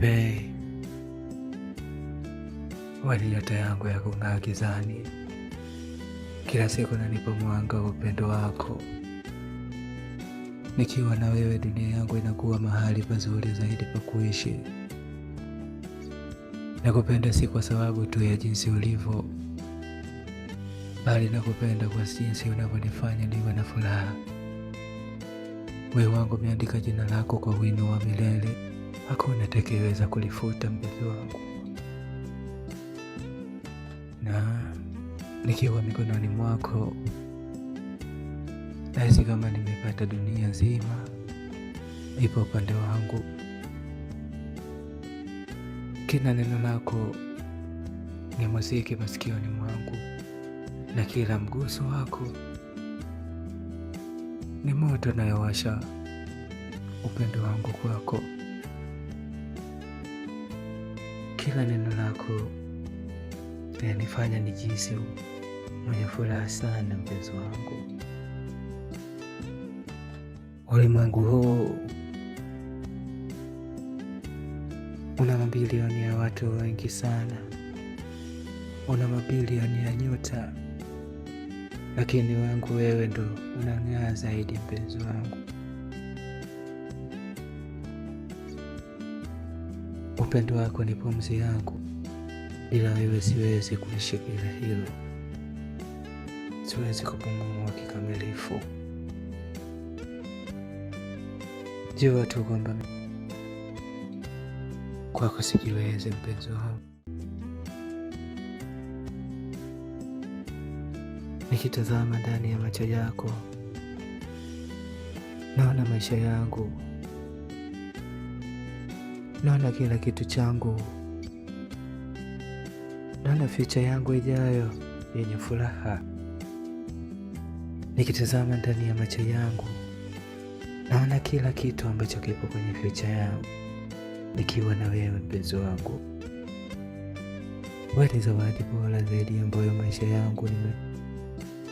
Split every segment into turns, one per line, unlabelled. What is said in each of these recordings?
pei walileta yangu ya kung'aa gizani, kila siku nanipa mwanga wa upendo wako. Nikiwa na wewe, dunia yangu inakuwa mahali pazuri zaidi pa kuishi. Nakupenda si kwa sababu tu ya jinsi ulivyo, bali nakupenda kwa jinsi unavyonifanya niwe na furaha. Moyo wangu umeandika jina lako kwa wino wa milele hakuna atakayeweza kulifuta mpenzi wangu, na nikiwa mikononi mwako nahisi kama nimepata dunia nzima ipo upande wangu. Kila neno lako ni muziki masikioni mwangu, na kila mguso wako ni moto unayowasha upendo wangu kwako. Kila neno lako linanifanya nijihisi mwenye furaha sana, mpenzi wangu. Ulimwengu huu una mabilioni ya watu wengi sana, una mabilioni ya nyota, lakini wangu wewe ndo unang'aa zaidi, mpenzi wangu. Upendo wako ni pumzi yangu, bila wewe siwezi kuishi. Bila hilo siwezi kupumua kikamilifu. Jua tu kwamba kwako sijiwezi, mpenzi wangu. Nikitazama ndani ya macho yako naona maisha yangu naona kila kitu changu, naona fyucha yangu ijayo yenye furaha. Nikitazama ndani ya macho yangu, naona kila kitu ambacho kipo kwenye fyucha yangu nikiwa na wewe, mpenzi wangu. Wewe ni zawadi bora zaidi ambayo maisha yangu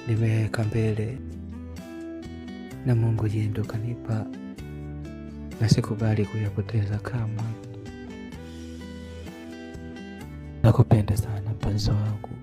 nimeweka nime mbele, na Mungu yeye ndo kanipa na sikubali kuyapoteza kama. Nakupenda sana mpenzi wangu.